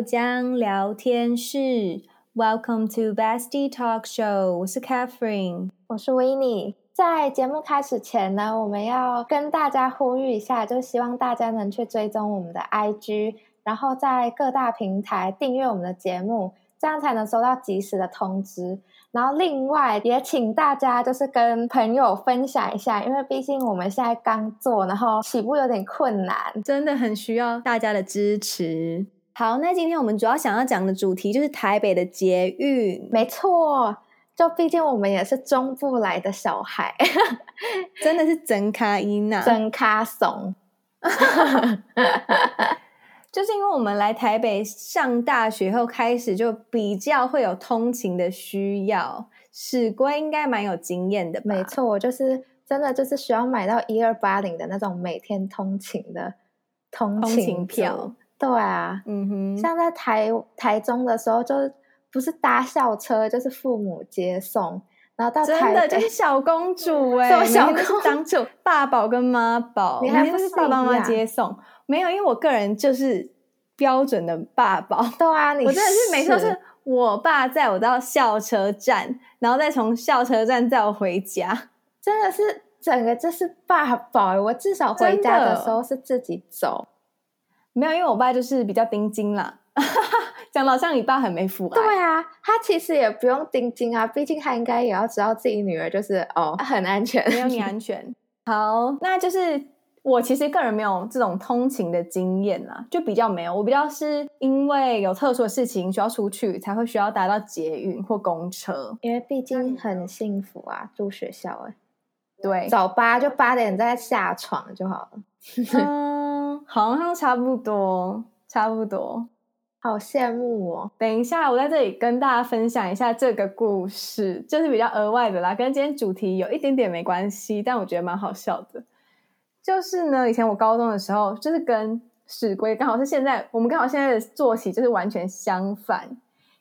江聊天室，Welcome to Bestie Talk Show。我是 Catherine，我是 Winnie。在節目開始前呢，我們要跟大家呼籲一下，就希望大家能去追蹤我們的 IG，然後在各大平台訂閱我們的節目，這樣才能收到即時的通知。然後另外也請大家就是跟朋友分享一下，因為畢竟我們現在剛做，然後起步有點困難，真的很需要大家的支持。好，那今天我們主要想要講的主題就是台北的捷運。沒錯，就畢竟我們也是中部來的小孩， 真的是真卡伊娜，真卡嗓。 就是因為我們來台北上大學後開始，就比較會有通勤的需要，史歸應該蠻有經驗的。沒錯，我就是真的就是需要買到一二八零的那種每天通勤的通勤票。對啊，嗯哼，像在台台中的時候，就是不是搭校車，就是父母接送，然後到台真的，欸、就是小公主哎，欸，小公主，當初，爸寶跟媽寶，每天是沒不每天都是爸爸媽媽接送，沒有，因為我個人就是標準的爸寶。對、嗯、啊，你真的是每次都是我爸載我到校車站，然後再從校車站載我回家，真的是整個就是爸寶。我至少回家的時候是自己走。沒有，因為我爸就是比較盯緊啦， 講到像你爸很沒福。對啊，他其實也不用盯緊啊，畢竟他應該也要知道自己女兒就是哦很安全、哦，沒有你安全。 好，那就是我其實個人沒有這種通勤的經驗啦，就比較沒有。我比較是因為有特殊的事情需要出去，才會需要搭到捷運或公車，因為畢竟很幸福啊，嗯、住學校哎。對，早八就八點再下床就好了。嗯， 好像差不多，差不多，好羨慕哦。等一下，我在這裡跟大家分享一下這個故事，就是比較額外的啦，跟今天主題有一點點沒關係，但我覺得蠻好笑的。就是呢，以前我高中的時候，就是跟史龜剛好是現在我們剛好現在的作息就是完全相反。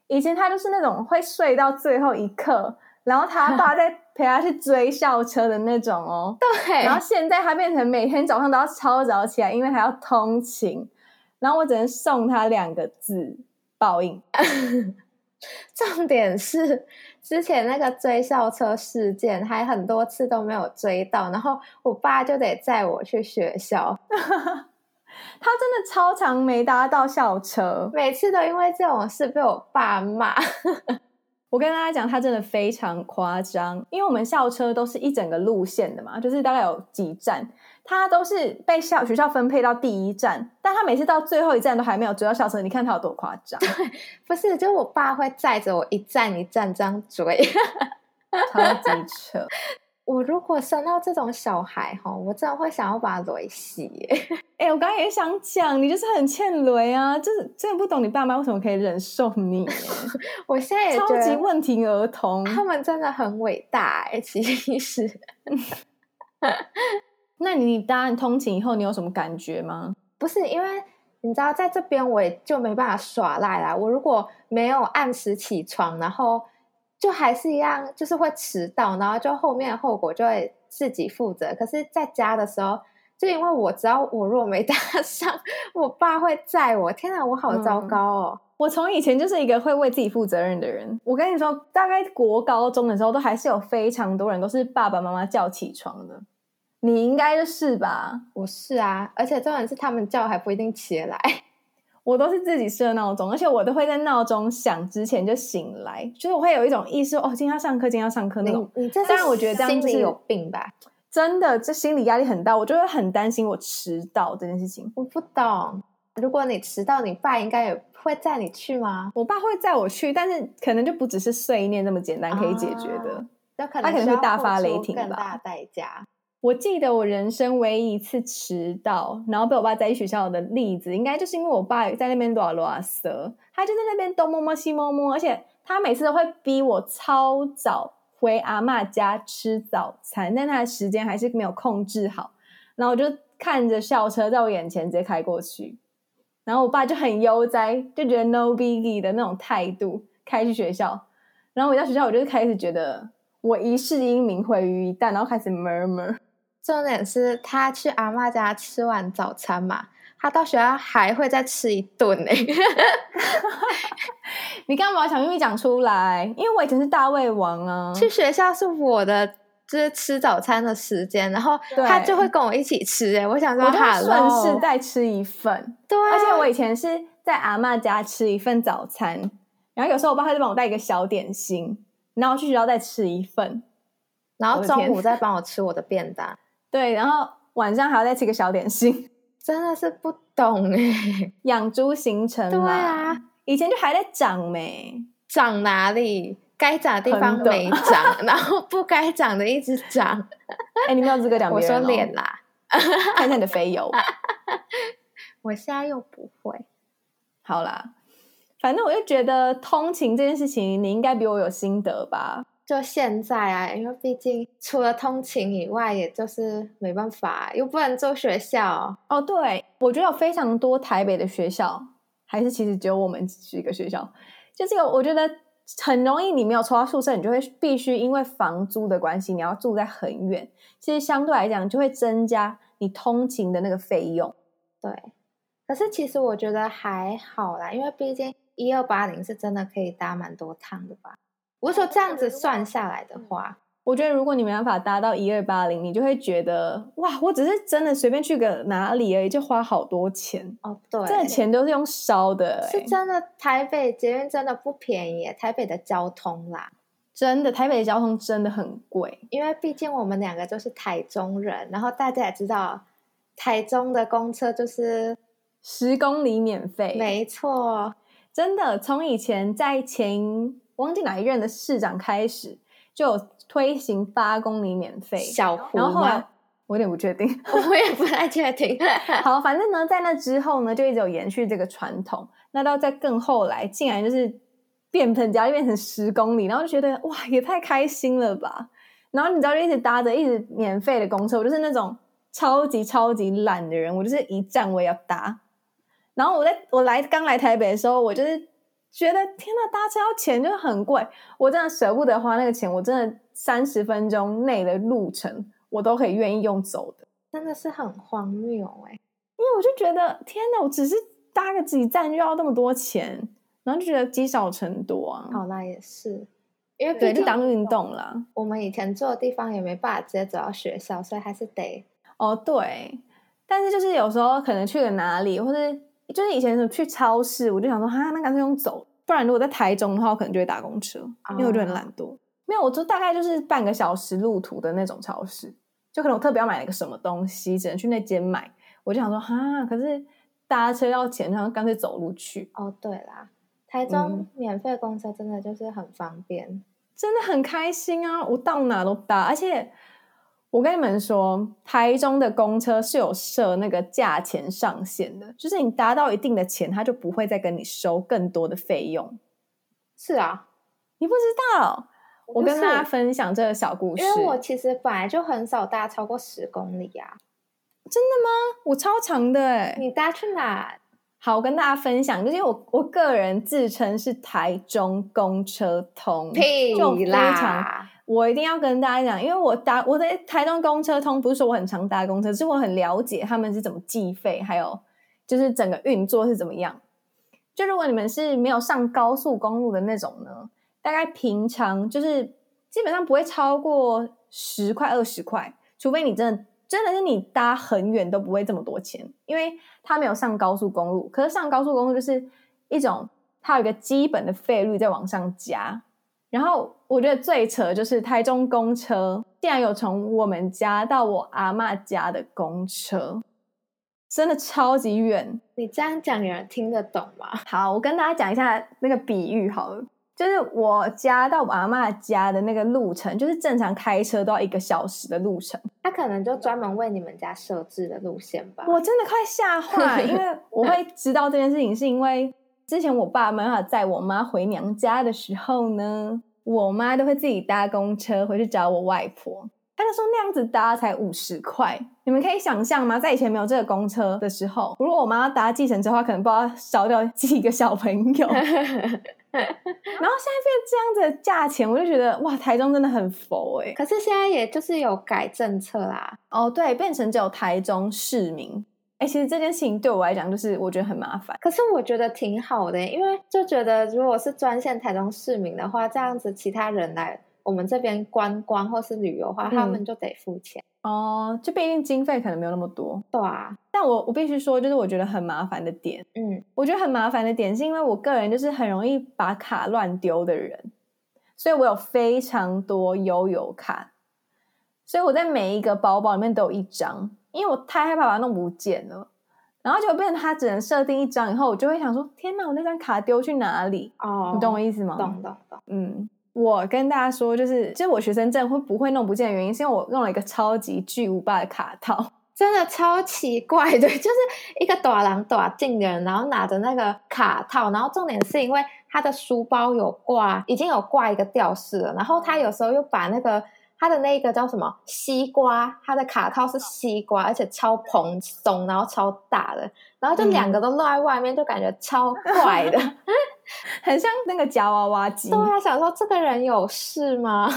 以前他就是那種會睡到最後一刻，然後他爸在。 陪他去追校車的那種哦，對。然後現在他變成每天早上都要超早起來，因為他要通勤。然後我只能送他兩個字：報應。 重點是之前那個追校車事件，還很多次都沒有追到，然後我爸就得載我去學校。 他真的超常沒搭到校車，每次都因為這種事被我爸罵。 我跟大家講，他真的非常誇張，因為我們校車都是一整個路線的嘛，就是大概有幾站，他都是被校學校分配到第一站，但他每次到最後一站都還沒有追到校車，你看他有多誇張？對，不是，就我爸會載着我一站一站這樣追， 超級扯。我如果生到這種小孩哈，我真的會想要把他雷死。哎、欸，我剛剛也想講，你就是很欠雷啊，就是真的不懂你爸媽為什麼可以忍受你。 我現在也超級問題兒童，他們真的很偉大哎，其實。 那你當然通勤以後，你有什麼感覺嗎？不是因為你知道，在這邊我也就沒辦法耍賴啦。我如果沒有按時起床，然後。就還是一樣，就是會遲到，然後就後面的後果就會自己負責。可是在家的時候，就因為我只要我若沒搭上，我爸會載我。天哪、啊，我好糟糕哦！嗯，我從以前就是一個會為自己負責任的人。我跟你說，大概國高中的時候，都還是有非常多人都是爸爸媽媽叫起床的。你應該就是吧？我是啊，而且重點是他們叫還不一定起得來。我都是自己設鬧鐘，而且我都會在鬧鐘響之前就醒來，就是我會有一種意識哦，今天要上課，今天要上課那種。你，你這雖然我覺得這樣，就是有病吧，真的這心理壓力很大，我就會很擔心我遲到這件事情。我不懂，如果你遲到，你爸應該也會載你去嗎？我爸會載我去，但是可能就不只是碎念那麼簡單可以解決的，他、啊、可能會大發雷霆吧，更大代價。我記得我人生唯一一次遲到，然後被我爸載去學校的例子，應該就是因為我爸在那邊多爾多阿斯，他就在那邊東摸摸西摸摸，而且他每次都會逼我超早回阿媽家吃早餐，但他的時間還是沒有控制好，然後我就看着校車在我眼前直接開過去，然後我爸就很悠哉，就覺得 no biggie 的那種態度開去學校，然後我一到學校我就開始覺得我一世英名毀於一旦，然後開始 murmur。重點是他去阿嬤家吃完早餐嘛，他到學校還會再吃一頓哎、欸！ 你幹嘛想秘密講出來？因為我以前是大胃王啊，去學校是我的就是吃早餐的時間，然後他就會跟我一起吃哎、欸，我想說我就順勢再吃一份， 對，而且我以前是在阿嬤家吃一份早餐，然後有時候我爸會幫我帶一個小點心，然後去學校再吃一份，然後中午再幫我吃我的便當。對，然後晚上還要再吃個小點心，真的是不懂哎。養豬行程啦，對啊，以前就還在長眉、欸，長哪裡？該長的地方沒長， 然後不該長的一直長。哎、 欸，你沒有資格講？我說臉啦， 看看你的肥油。 我現在又不會。好啦，反正我又覺得通勤這件事情，你應該比我有心得吧。就現在啊，因為畢竟除了通勤以外，也就是沒辦法，又不能住學校哦。對，我覺得有非常多台北的學校，還是其實只有我們幾個學校。就是、這、有、個，我覺得很容易，你沒有抽到宿舍，你就會必須因為房租的關係，你要住在很遠，其實相對來講就會增加你通勤的那個費用。對，可是其實我覺得還好啦，因為畢竟一二八零是真的可以搭蠻多趟的吧。我說這樣子算下來的話，我覺得如果你沒辦法搭到一二八零，你就會覺得哇，我只是真的隨便去個哪裡而已，就花好多錢哦。對，這個錢都是用燒的欸，是真的。台北捷運真的不便宜，台北的交通啦，真的台北的交通真的很貴，因為畢竟我們兩個都是台中人，然後大家也知道，台中的公車就是十公里免費，沒錯，真的從以前在前。忘記哪一任的市長開始就有推行八公里免費，小胡，然後後來我有點不確定， 我也不太確定。 好，反正呢，在那之後呢，就一直有延續這個傳統。那到再更後來，竟然就是變本加厲，變成十公里，然後就覺得哇，也太開心了吧！然後你知道，就一直搭着，一直免費的公車，我就是那種超級超級懶的人，我就是一站位要搭。然後我在我來剛來台北的時候，我就是。覺得天吶，搭車要錢就很貴，我真的捨不得花那個錢。我真的三十分鐘內的路程，我都可以願意用走的，真的是很荒謬哎。因為我就覺得天吶，我只是搭個幾站就要那麼多錢，然後就覺得積少成多啊。好，那也是，因為畢竟，對畢竟當運動了。我們以前住的地方也沒辦法直接走到學校，所以還是得哦對。但是就是有時候可能去了哪裡，或是。就是以前去超市，我就想說哈，那乾脆用走，不然如果在台中的話，我可能就會搭公車，哦，因為我覺得很懶惰。沒有，我就大概就是半個小時路途的那種超市，就可能我特別要買了一個什麼東西，只能去那間買。我就想說哈，可是搭車要錢，然後乾脆走路去。哦，對啦，台中免費公車真的就是很方便，嗯，真的很開心啊！我到哪都搭，而且。我跟你們說，台中的公車是有設那個價錢上限的，就是你搭到一定的錢，他就不會再跟你收更多的費用。是啊，你不知道我，就是，我跟大家分享這個小故事，因為我其實本來就很少搭超過十公里啊。真的嗎？我超長的哎、欸，你搭去哪？好，我跟大家分享，就是我我個人自稱是台中公車通，屁啦，就非常。我一定要跟大家講，因為我搭我在台東公車通，不是說我很常搭公車，是我很了解他們是怎麼計費，還有就是整個運作是怎麼樣。就如果你們是沒有上高速公路的那種呢，大概平常就是基本上不會超過十塊二十塊，除非你真的真的是你搭很遠，都不會這麼多錢，因為它沒有上高速公路。可是上高速公路就是一種，它有一個基本的費率在往上加，然後。我覺得最扯就是台中公車竟然有從我們家到我阿嬤家的公車，真的超級遠。你這樣講有人聽得懂嗎？好，我跟大家講一下那個比喻好了，就是我家到我阿嬤家的那個路程，就是正常開車都要一個小時的路程。他可能就專門為你們家設置的路線吧。我真的快嚇壞了，因為我會知道這件事情，是因為之前我爸媽載我媽回娘家的時候呢。我媽都會自己搭公車回去找我外婆，她就說那樣子搭才五十塊，你們可以想象嗎？在以前沒有這個公車的時候，如果我媽搭計程車的話，她可能不知道少掉幾個小朋友。 然後現在變這樣子的價錢，我就覺得哇，台中真的很佛誒。可是現在也就是有改政策啦，哦對，變成只有台中市民。哎、欸，其實這件事情對我來講，就是我覺得很麻煩。可是我覺得挺好的、欸，因為就覺得如果是專線台中市民的話，這樣子其他人來我們這邊觀光或是旅遊的話，嗯，他們就得付錢哦。就不一定經費可能沒有那麼多，對啊。但我我必須說，就是我覺得很麻煩的點，嗯，我覺得很麻煩的點是因為我個人就是很容易把卡亂丟的人，所以我有非常多悠遊卡，所以我在每一個包包裡面都有一張。因為我太害怕把它弄不見了，然後就變成它只能設定一張。以後我就會想說：天哪，我那張卡丟去哪裡？哦，你懂我意思嗎？懂懂懂。嗯，我跟大家說，就是，其實我學生證會不會弄不見的原因，是因為我用了一個超級巨無霸的卡套，真的超奇怪的，就是一個短狼短進的人，然後拿着那個卡套，然後重點是因為他的書包有掛，已經有掛一個吊飾了，然後他有時候又把那個。他的那個叫什麼西瓜？他的卡套是西瓜，而且超蓬鬆，然後超大的，然後就兩個都露在外面，嗯，就感覺超怪的， 很像那個夾娃娃機。對他想說，這個人有事嗎？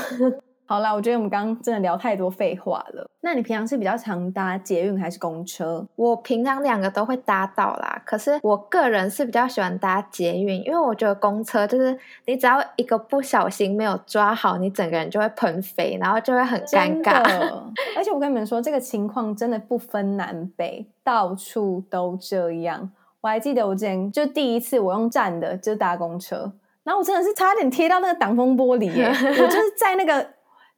好啦，我覺得我們剛剛真的聊太多廢話了。那你平常是比較常搭捷運還是公車？我平常兩個都會搭到啦。可是我個人是比較喜歡搭捷運，因為我覺得公車就是你只要一個不小心沒有抓好，你整個人就會噴飛，然後就會很尷尬。 而且我跟你們說，這個情況真的不分南北，到處都這樣。我還記得我之前就第一次我用站的就搭公車，然後我真的是差點貼到那個擋風玻璃耶， 我就是在那個。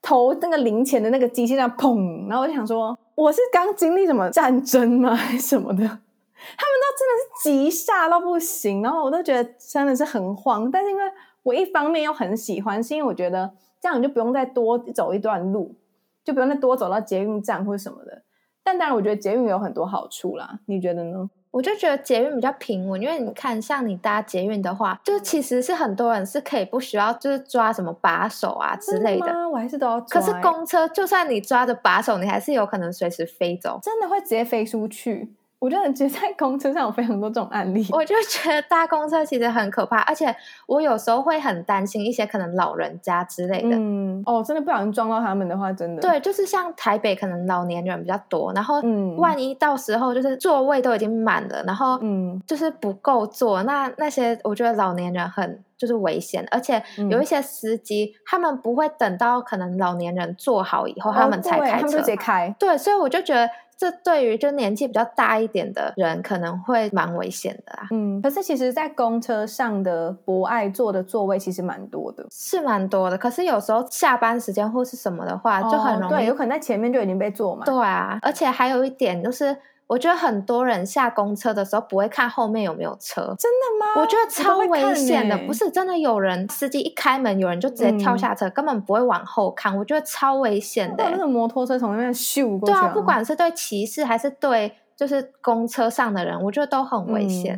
投那個零錢的那個機器上，砰！然後我就想說，我是剛經歷什麼戰爭嗎？還是什麼的？他們都真的是急煞到不行，然後我都覺得真的是很慌。但是因為我一方面又很喜歡，是因為我覺得這樣你就不用再多走一段路，就不用再多走到捷運站或者什麼的。但當然，我覺得捷運有很多好處啦。你覺得呢？我就覺得捷運比較平穩，因為你看，像你搭捷運的話，就其實是很多人是可以不需要就是抓什麼把手啊之類的。我還是都要抓欸。可是公車，就算你抓着把手，你還是有可能隨時飛走，真的會直接飛出去。我就覺得在公車上有非常多這種案例，我就覺得搭公車其實很可怕，而且我有時候會很擔心一些可能老人家之類的。嗯，哦，真的不小心撞到他們的話，真的。對，就是像台北可能老年人比較多，然後萬一到時候就是座位都已經滿了，嗯、然後嗯，就是不夠坐，那那些我覺得老年人很就是危險，而且有一些司機、嗯、他們不會等到可能老年人坐好以後，他們才開車，哦、對，他們直接開。對，所以我就覺得。這對於就年紀比較大一點的人可能會蠻危險的啦、啊。嗯，可是其實，在公車上的博愛座的座位其實蠻多的，是蠻多的。可是有時候下班時間或是什麼的話，就很容易、哦、對，有可能在前面就已經被坐滿。對啊，而且還有一點就是。我覺得很多人下公車的時候不會看後面有沒有車。真的嗎？我覺得超危險的。欸、不是真的有人司機一開門，有人就直接跳下車，嗯，根本不會往後看，我覺得超危險的、欸哦。那個摩托車從那邊咻過去。啊啊。不管是對騎士還是對就是公車上的人，我覺得都很危險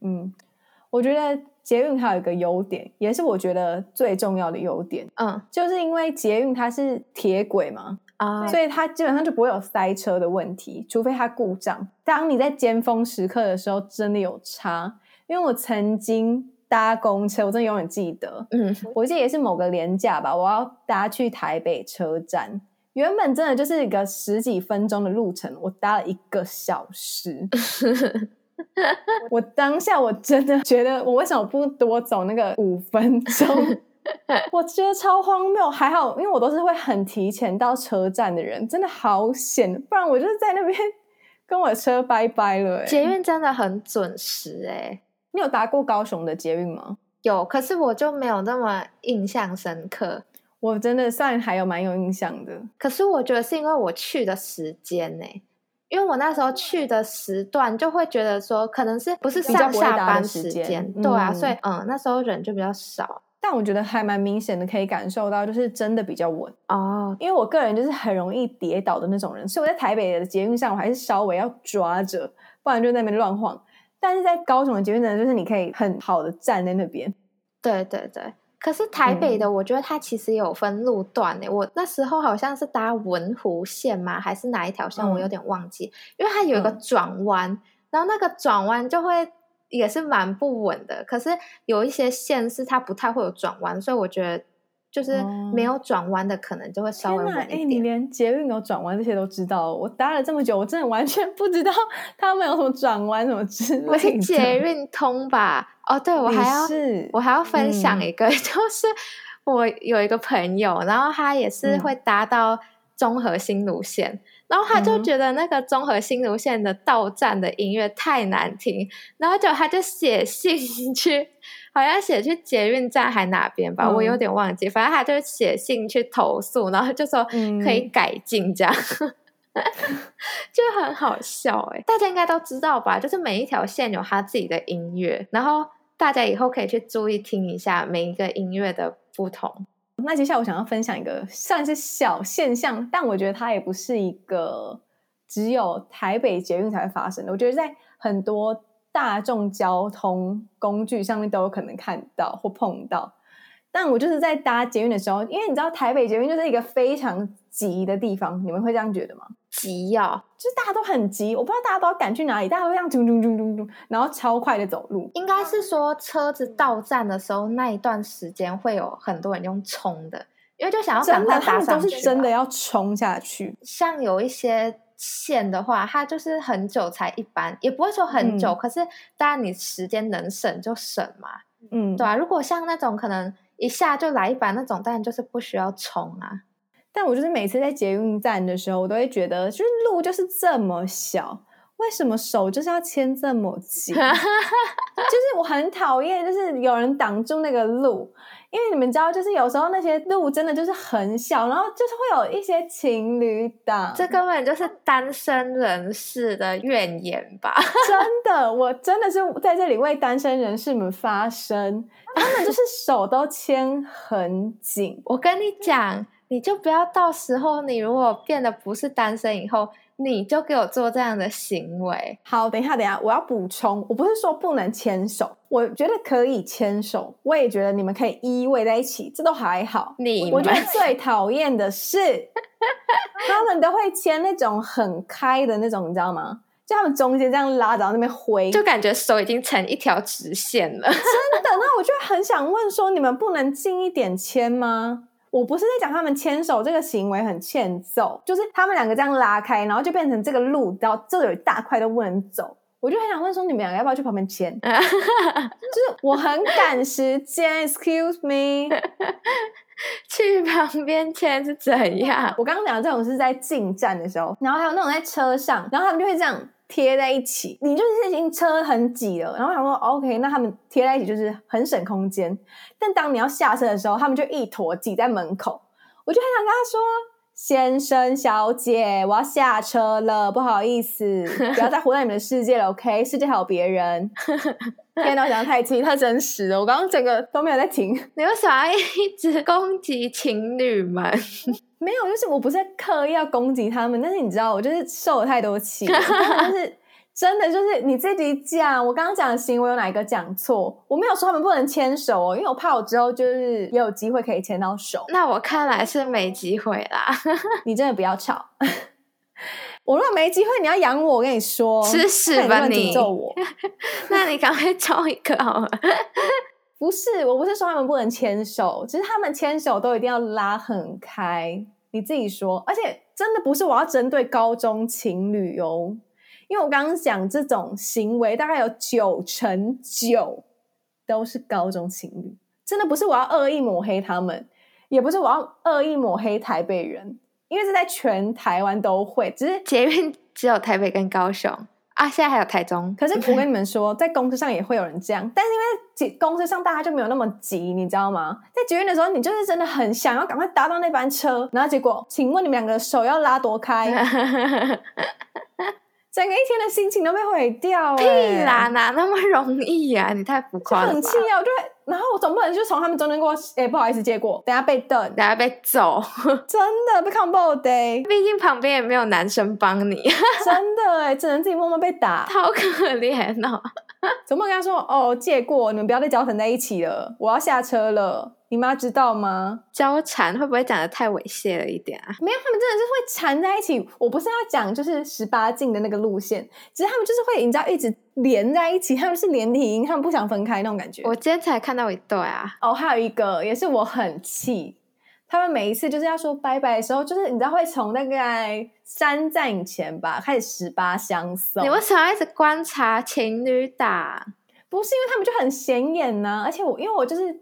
嗯。嗯，我覺得捷運還有一個優點，也是我覺得最重要的優點，嗯，就是因為捷運它是鐵軌嘛。啊、uh,，所以它基本上就不會有塞車的問題，除非它故障。當你在尖峰時刻的時候，真的有差。因為我曾經搭公車，我真的永遠記得，嗯，我記得也是某個連假吧，我要搭去台北車站，原本真的就是一個十幾分鐘的路程，我搭了一個小時。 我當下我真的覺得，我為什麼不多走那個五分鐘？ 我覺得超荒謬，還好，因為我都是會很提前到車站的人，真的好險，不然我就是在那邊跟我車拜拜了、欸。捷運真的很準時、欸，哎，你有搭過高雄的捷運嗎？有，可是我就沒有那麼印象深刻。我真的算還有蠻有印象的，可是我覺得是因為我去的時間，哎，因為我那時候去的時段就會覺得說，可能是不是上下班時間、嗯？對啊，所以嗯，那時候人就比較少。但我覺得還蠻明顯的，可以感受到，就是真的比較穩哦，oh. 因為我個人就是很容易跌倒的那種人，所以我在台北的捷運上，我還是稍微要抓着，不然就在那邊亂晃。但是在高雄的捷運呢，就是你可以很好的站在那邊。對對對。可是台北的，我覺得它其實有分路段誒、嗯。我那時候好像是搭文湖線嗎？還是哪一條線？我有點忘記、嗯，因為它有一個轉彎，嗯、然後那個轉彎就會。也是蠻不穩的，可是有一些線是它不太會有轉彎，所以我覺得就是沒有轉彎的可能就會稍微穩一點。哎、啊欸，你連捷運有轉彎這些都知道，我搭了這麼久，我真的完全不知道他們有什麼轉彎什麼之類的。我是捷運通吧？哦，對，我還要是，我還要分享一個、嗯，就是我有一個朋友，然後他也是會搭到綜合新路線。嗯然後他就覺得那個中和新蘆線的到站的音樂太難聽，嗯，然後就他就寫信去，好像寫去捷運站還哪邊吧，嗯，我有點忘記。反正他就寫信去投訴，然後就說可以改進這樣，嗯， 就很好笑誒，欸，大家應該都知道吧，就是每一條線有他自己的音樂，然後大家以後可以去注意聽一下每一個音樂的不同。那接下來我想要分享一個算是小現象，但我覺得它也不是一個只有台北捷運才會發生的，我覺得在很多大眾交通工具上面都有可能看到或碰到。但我就是在搭捷運的時候，因為你知道台北捷運就是一個非常急的地方，你們會這樣覺得嗎？急啊、哦，就是大家都很急，我不知道大家都要趕去哪裡，大家都這樣衝衝衝衝衝，然後超快的走路。應該是說車子到站的時候那一段時間會有很多人用衝的，因為就想要趕快搭上去。是真的要衝下去。像有一些線的話，它就是很久才一班，也不會說很久，嗯、可是當然你時間能省就省嘛，嗯，對啊，如果像那種可能。一下就來一把那種，但就是不需要衝啊。但我就是每次在捷運站的時候，我都會覺得，就是路就是這麼小，為什麼手就是要牽這麼緊？ 就是我很討厭，就是有人擋住那個路。因為你們知道，就是有時候那些路真的就是很小，然後就是會有一些情侶檔，這根本就是單身人士的怨言吧？ 真的，我真的是在這裡為單身人士們發聲，他 們就是手都牽很緊。 我跟你講，你就不要到時候，你如果變得不是單身以後。你就給我做這樣的行為。好，等一下，等一下，我要補充，我不是說不能牽手，我覺得可以牽手，我也覺得你們可以依偎在一起，這都還好。你們我，我覺得最討厭的是， 他們都會牽那種很開的那種，你知道嗎？就他們中間這樣拉，然後那邊揮，就感覺手已經成一條直線了。 真的？那我就很想問說，說你們不能近一點牽嗎？我不是在講他們牽手這個行為很欠揍，就是他們兩個這樣拉開，然後就變成這個路，到這有一大塊都不能走。我就很想問說，你們兩個要不要去旁邊牽？ 就是我很趕時間 ，excuse me， 去旁邊牽是怎樣？我剛剛講的這種是在進站的時候，然後還有那種在車上，然後他們就會這樣。貼在一起，你就是已經車很擠了。然後想說，OK，那他們貼在一起就是很省空間。但當你要下車的時候，他們就一坨擠在門口，我就很想跟他說：“先生、小姐，我要下車了，不好意思， 不要再活在你們的世界了，OK，世界還有別人。 ”電腦講太輕太真實了，我剛剛整個都沒有在聽。你為什麼一直攻擊情侶們？ 沒有，就是我不是刻意要攻擊他們，但是你知道，我就是受了太多氣， 但是真的就是你自己講，我剛剛講的行為有哪一個講錯？我沒有說他們不能牽手哦，因為我怕我之後就是也有機會可以牽到手。那我看來是沒機會啦。 你真的不要吵。 我如果沒機會，你要養我，我跟你說，吃屎吧你！你能不能詛咒我 那你趕快找一個好嗎？ 不是，我不是說他們不能牽手，只是他們牽手都一定要拉很開，你自己說。而且真的不是我要針對高中情侶哦，因為我剛剛講這種行為大概有九成九都是高中情侶，真的不是我要惡意抹黑他們，也不是我要惡意抹黑台北人。因為是在全台灣都會，只是捷運只有台北跟高雄啊，現在還有台中。可是我跟你們說， 在公車上也會有人這樣，但是因為捷公車上大家就沒有那麼急，你知道嗎？在捷運的時候，你就是真的很想要趕快搭到那班車，然後結果，請問你們兩個手要拉多開？ 整個一天的心情都被毀掉、欸，屁啦哪那麼容易呀、啊？你太浮誇了。就很氣啊，對，然後我總不能就從他們中間過，哎、欸，不好意思借過，等下被瞪，等下被揍， 真的被看爆的、欸。畢竟旁邊也沒有男生幫你， 真的哎、欸，只能自己默默被打，好可憐、哦、 總不能跟他說，哦，借過，你們不要再糾纏在一起了，我要下車了。你媽知道嗎？交纏會不會講得太猥褻了一點啊？沒有，他們真的就是會纏在一起。我不是要講，就是十八禁的那個路線。其實他們就是會，你知道，一直連在一起。他們是連體嬰，他們不想分開那種感覺。我今天才看到一對啊。哦，還有一個也是我很氣，他們每一次就是要說拜拜的時候，就是你知道會從那個三站前吧開始十八相送。你為什麼要一直觀察情侶檔？不是因為他們就很顯眼呢、啊，而且我因為我就是。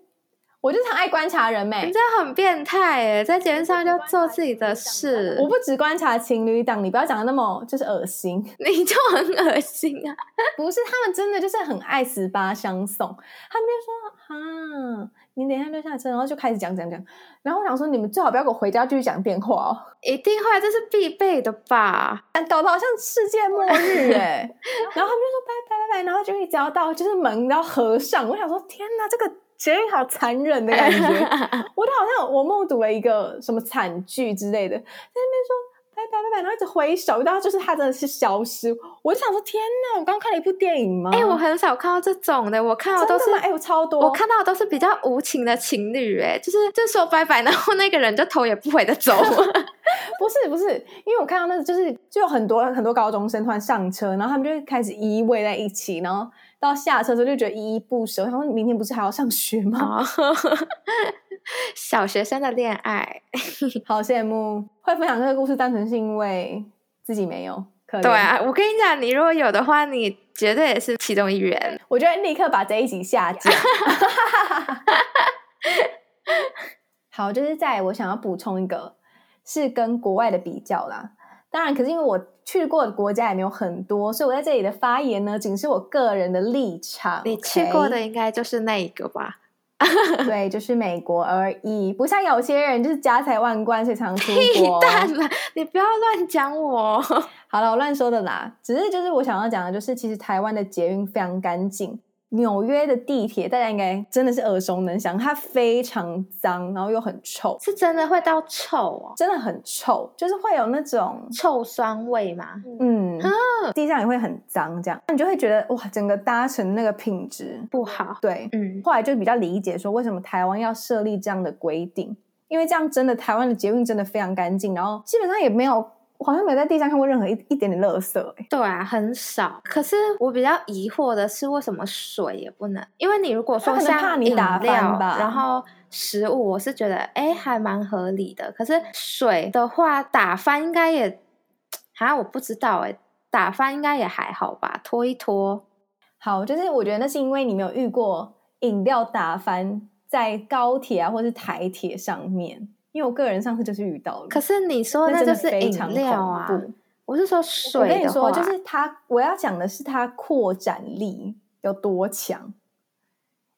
我就是很愛觀察人妹、欸，你真的很變態誒、欸、在街上就做自己的事。我不只觀察情侶檔，你不要講的那麼就是惡心，你就很惡心啊！不是他們真的就是很愛十八相送，他們就說：“啊，你等一下就下車。”然後就開始講講講，然後我想說，你們最好不要給我回家繼續講電話哦。一定會，這是必備的吧？搞、啊、得好像世界末日誒、欸、 然後他們就說：“拜拜拜拜。”然後就一直交到就是門要合上，我想說：“天哪，這個。”得好殘忍的感覺、哎哈哈哈哈，我都好像我目睹了一個什麼慘劇之類的，在那邊說拜拜拜拜，然後一直揮手，然後就是他真的是消失。我就想說，天哪，我剛剛看了一部電影嗎？誒、欸、我很少看到這種的，我看到的都是哎，欸、我超多，我看到的都是比較無情的情侶、欸，誒就是就說拜拜，然後那個人就頭也不回的走。 不是不是，因為我看到那就是就有很多很多高中生突然上車，然後他們就開始依偎在一起，然後。到下車時就覺得依依不捨，我想說你明天不是還要上學嗎？Oh, 小學生的戀愛， 好羨慕。會分享這個故事，單純是因為自己沒有。對啊，我跟你講，你如果有的話，你絕對也是其中一員。我覺得立刻把這一集下架。 好，就是在我想要補充一個，是跟國外的比較啦。當然，可是因為我去過的國家也沒有很多，所以我在這裡的發言呢，僅是我個人的立場。Okay? 你去過的應該就是那一個吧？ 對，就是美國而已。不像有些人，就是家財萬貫，經常出國。屁蛋了。你不要亂講我。 好了，我亂說的啦。只是就是我想要講的，就是其實台灣的捷運非常乾淨。紐約的地鐵，大家應該真的是耳熟能詳。它非常髒，然後又很臭，是真的會到臭哦，真的很臭，就是會有那種臭酸味嘛。嗯。嗯，地上也會很髒，這樣，那你就會覺得哇，整個搭乘那個品質不好。對，嗯，後來就比較理解說為什麼台灣要設立這樣的規定，因為這樣真的台灣的捷運真的非常乾淨，然後基本上也沒有。我好像沒在地上看過任何一一點點垃圾欸，哎，對啊，很少。可是我比較疑惑的是，為什麼水也不能？因為你如果說像飲料，怕你打翻吧，然後食物，我是覺得哎、欸，還蠻合理的。可是水的話，打翻應該也……哎，我不知道哎、欸，打翻應該也還好吧，拖一拖。好，就是我覺得那是因為你沒有遇過飲料打翻在高鐵啊，或者是台鐵上面。因為我個人上次就是遇到了，可是你說那，的非常那就是飲料啊，我是說水。我跟你說，就是它，我要講的是它擴展力有多強。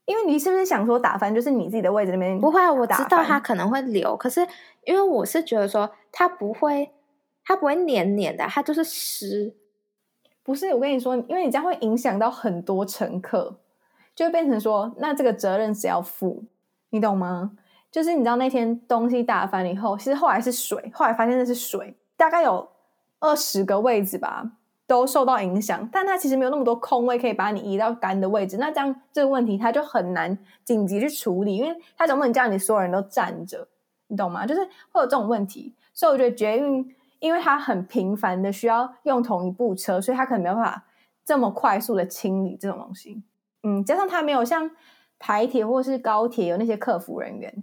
因為你是不是想說打翻就是你自己的位置那邊不會啊？我知道它可能會流，可是因為我是覺得說它不會，它不會黏黏的，它就是濕。不是，我跟你說，因為你這樣會影響到很多乘客，就會變成說那這個責任是要負，你懂嗎？就是你知道那天東西打翻了以後，其實後來是水，後來發現那是水，大概有二十個位置吧，都受到影響，但它其實沒有那麼多空位可以把你移到乾的位置，那這樣這個問題它就很難緊急去處理，因為它總不能叫你所有人都站着？你懂嗎？就是會有這種問題，所以我覺得捷運因為它很頻繁的需要用同一部車，所以他可能沒有辦法這麼快速的清理這種東西，嗯，加上他沒有像台鐵或是高鐵有那些客服人員，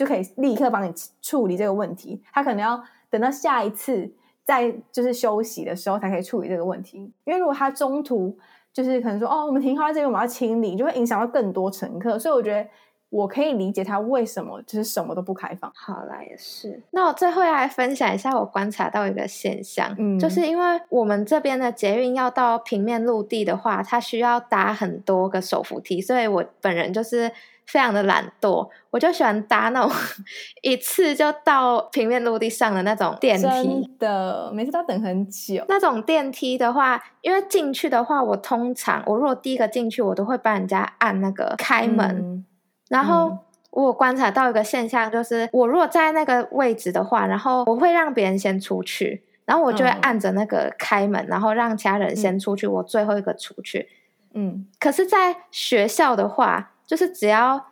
就可以立刻幫你處理這個問題，他可能要等到下一次再就是休息的時候才可以處理這個問題，因為如果他中途就是可能說哦，我們停靠在這邊，我們要清理，就會影響到更多乘客，所以我覺得我可以理解他為什麼就是什麼都不開放。好啦，也是。那我最後要來分享一下我觀察到一個現象，嗯，就是因為我們這邊的捷運要到平面陸地的話，它需要搭很多個手扶梯，所以我本人就是。非常的懶惰，我就喜歡搭那種 一次就到平面陸地上的那種電梯，真的，每次都等很久。那種電梯的話，因為進去的話，我通常我如果第一個進去，我都會幫人家按那個開門。嗯、然後、嗯、我觀察到一個現象，就是我如果在那個位置的話，然後我會讓別人先出去，然後我就會按着那個開門，嗯、然後讓其他人先出去、嗯，我最後一個出去。嗯，可是，在學校的話。就是只要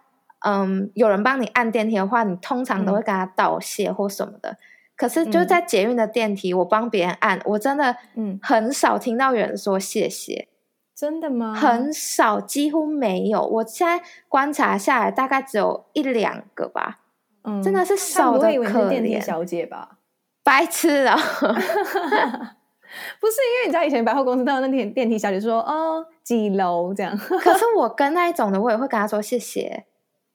嗯有人幫你按電梯的話，你通常都會跟他道謝或什麼的。嗯、可是就在捷運的電梯，嗯、我幫別人按，我真的嗯很少聽到有人說謝謝。真的嗎？很少，幾乎沒有。我現在觀察下來，大概只有一兩個吧。嗯，真的是少得可憐。電梯小姐吧，白痴啊！ 不是，因為你知道以前百貨公司到那天電梯小姐說哦幾樓這樣呵呵，可是我跟那一種的我也會跟他說謝謝，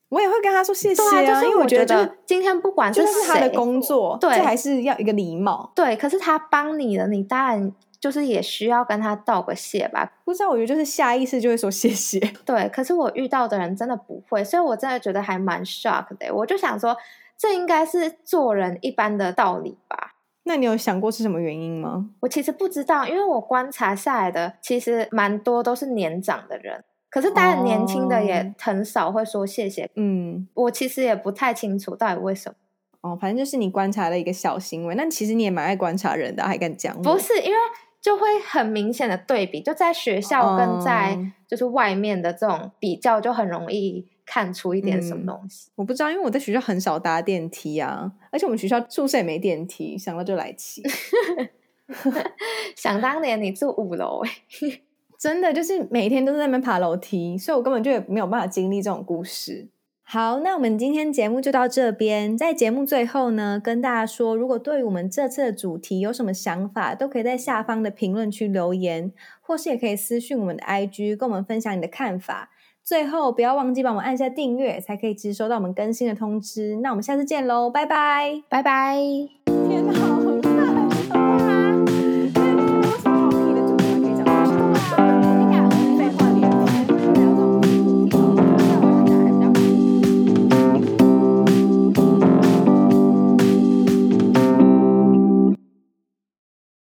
我也會跟他說謝謝。對啊，就是因為我覺得就是今天不管這是，就是他的工作，對，這還是要一個禮貌。對，可是他幫你的，你當然就是也需要跟他道個謝吧？不知道，我覺得就是下意識就會說謝謝。對，可是我遇到的人真的不會，所以我真的覺得還蠻 shock 的欸。我就想說，這應該是做人一般的道理吧。那你有想過是什麼原因嗎？我其實不知道，因為我觀察下來的其實蠻多都是年長的人，可是當然年輕的也很少會說謝謝哦。嗯，我其實也不太清楚到底為什麼。哦，反正就是你觀察了一個小行為，但其實你也蠻愛觀察人的，還敢講？不是，因為就會很明顯的對比，就在學校跟在就是外面的這種比較就很容易。看出一點什麼東西？嗯，我不知道，因為我在學校很少搭電梯啊，而且我們學校宿舍也沒電梯，想到就來氣。 想當年你住五樓，欸，真的就是每天都在那邊爬樓梯，所以我根本就沒有辦法經歷這種故事。好，那我們今天節目就到這邊，在節目最後呢，跟大家說，如果對於我們這次的主題有什麼想法，都可以在下方的評論區留言，或是也可以私訊我們的 IG，跟我們分享你的看法。最後，不要忘記幫我們按下訂閱，才可以及時收到我們更新的通知。那我們下次見嘍，拜拜，拜拜。天吶。